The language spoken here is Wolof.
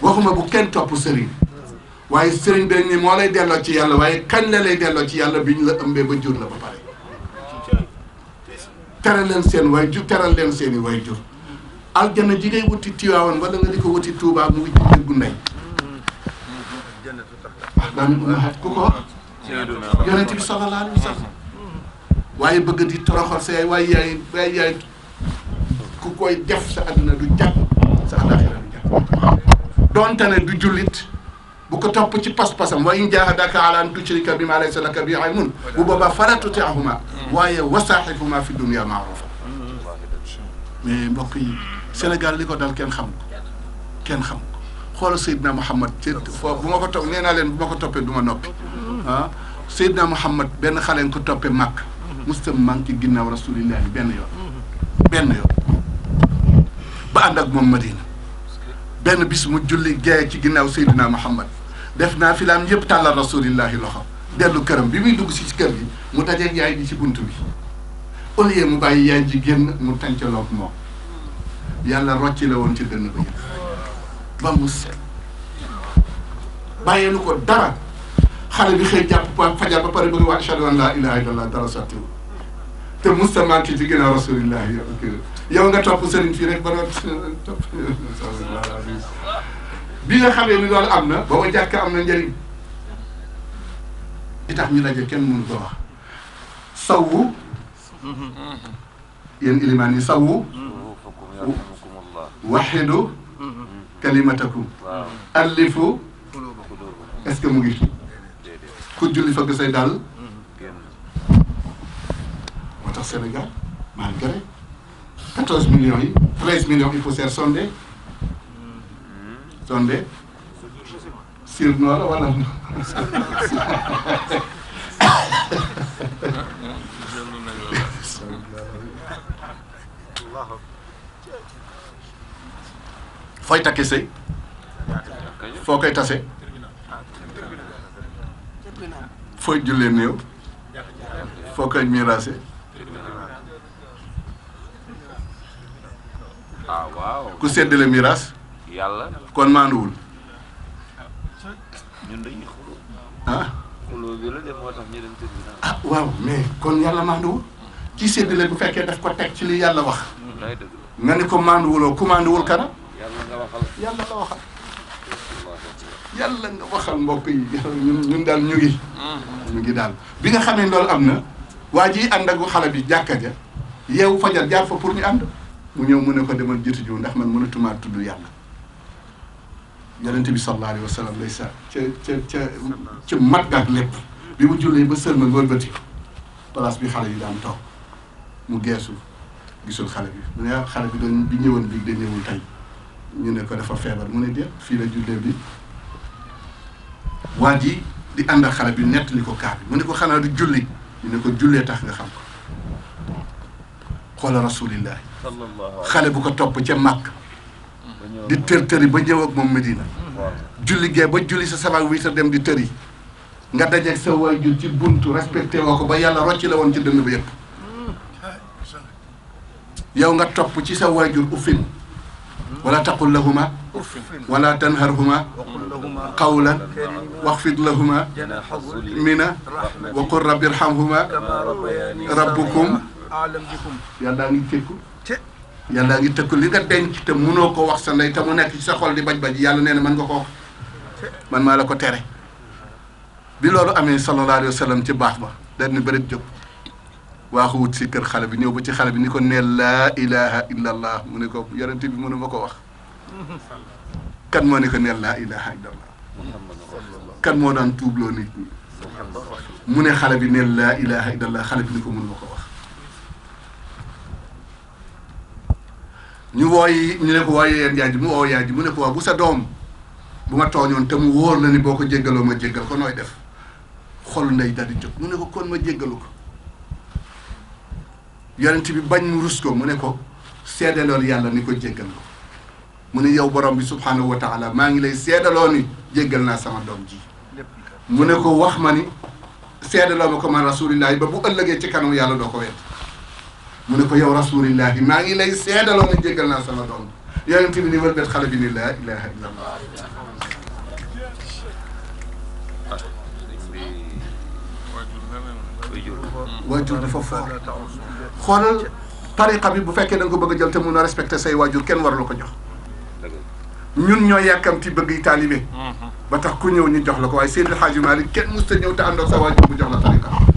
waxuma bu kenn topp sëriñ waaye sëriñ bi ni moo lay delloo ci yàlla waaye kañ la lay delloo ci yàlla bi ñu la ëmbee ba jur la ba pare teral leen seen way jur teral leen seen i way jur aljana ji ngay wuti Tiwaawan wala nga di ko wuti Tuubaa mu ngi ci biir daan mun a ku ko yonent bi sallallahu alayhi wa sallam waaye bëgg di toroxal sa waaye yaay waaye yaay ku koy def sa àdduna du jàpp donte ne du jullit bu ko topp ci pas-pasam wa in jahadaka ala an tushrika bi ma laysa laka bi ilmun bu boobaa fala tutiahuma waaye wasaaxifuma fi dunia maarufa mais mbokk yi Sénégal li ko dal kenn xam ko kenn xam ko xoolal Seydina Mouhamed ci foofu bu ma ko topp ma ko toppee du ma noppi ah Seydina Mouhamed benn xaleen ko toppee màkk musta manqué ginnaaw rasulillahi benn yoon benn yoon ba benn bis mu julli gaye ci ginnaaw Seydina Muhammad def naa fi laam yëpp tàllal rasulillahi loxo dellu këram bi muy dugg si kër gi mu dajeeg yaay ji ci bunt bi au mu bàyyi yaay ji génn mu tàncaloog moom yàlla rocci la woon ci dënn bi ba mu set bàyyeelu ko dara xale bi xëy jàpp fajar ba pare bëgg wax ashhadu an laa ilaaha illallah dara sottiwul te musta manqué ci ginnaaw rasulillah yow nga topp sëriñ fii rek ba doon topp bi nga xamee ni loolu am na booba jàkk am na njëriñ li tax ñu daje kenn mënu ko wax sawwu yéen ilimaan yi sawwu waxidu kalimatakum allifu est-ce que mu ngi ku julli fagg say tax Sénégal malgré 14 millions yi 13 millions il faut se sonder sonder sur noor la wala fooy takke sëy foo koy tase fooy jullee néew foo koy miraase ah waaw ku séddale miraas. yàlla kon maanduwul. ñun dañuy xuloo. ah. xuloo bi la dem moo tax ah, waaw mais kon yàlla maanduwul. ci séddale bu fekkee daf ko teg ci li yàlla wax. nga ni ko maanduwuloo ku maanduwul kana. yàlla nga waxal yàlla nga waxal mbokk yi ñun ñun daal ñu ngi. Mm-hmm. ñu ngi daal bi nga xamee loolu am na. waa ji ànd ak xale bi jàkka ja yeewu fajar jaar fa pour ñu ànd. mu ñëw mu ne ko demal jiitu jiw ndax man mënatumaa tudd yàlla yonent bi sallallahu alayhi wa lay sa ca ca ca ca mat ak lépp bi mu jullee ba sër ma ngoon bëti place bi xale yi daan toog mu geesu gisul xale bi mu ne ah, xale bi doon bi ñëwoon bi da ñëwul tey ñu ne ko dafa feebar mu ne déet fii la jullee bi waa ji di ànd ak xale bi nett li ko kaar mu ne ko xanaa di julli ñu ne ko jullee tax nga xam ko xoola rasulillahi xale bu ko topp ca màkk di tër tëri ba ñëw ak moom Medina julli gee ba julli sa sabaa wii sa dem di tëri nga dajeeg sa waajur ci buntu respecté woo ko ba yàlla rocci la woon ci dënn ba yëpp yow nga topp ci sa waajur uffin wala taqul lahuma wala tanharhuma qawlan waxfid lahuma mina wa qul rabbi irhamhuma rabbukum yàlla daa ngi cekku yàlla ngi tëkk li nga denc te munoo ko wax sa ndey te mu nekk sa xol di baj-baj yàlla nee na mën nga ko wax man maa la ko tere bi loolu amee sallallahu alayhi wa sallam baax ba dañ ni bërit jóg waaxu wut si kër xale bi ñëw ba ci xale bi ni ko neel laa ilaha illa mu ne ko yonente bi mënu ma ko wax kan moo ne ko nee laa ilaha illa allah kan moo daan tuubloo nit ñi mu ne xale bi nee laa ilaha illa allah xale bi ni ko mënu ma ko wax ñu wooyi ñu ne ko wooyee yaay ji mu woo yaay ji mu ne ko waa bu sa doom bu ma tooñoon te mu wóor na ni boo ko jéggaloo ma jéggal ko nooy def xol ndey daal jóg mu ne ko kon ma jéggalu ko yonent bi bañ mu rus ko mu ne ko seedalool yàlla ni ko jéggal mu ne yow borom bi subhanahu wa taala maa ngi lay seedaloo ni jéggal naa sama doom ji mu ne ko wax ma ni seedaloo ma ko man rasulillahi ba bu ëllëgee ci kanam yàlla doo ko wet mu ne ko yow rasulillahi maa ngi lay seedaloo nga jéggal naa sama doom yonent bi ni wëlbet xale bi ni laa ilaha illa allah waajur dafa foor xoolal tariqa bi bu fekkee da nga ko bëgg a jël te mun a respecté say waajur kenn warlu ko jox ñun ñoo ti bëgg i taalibe mm-hmm. ba tax ku ñëw ñu jox la ko waaye Seydil Hadji Malick kenn mës ta ñëw te ànd ak sa waajur bu jox la tariqa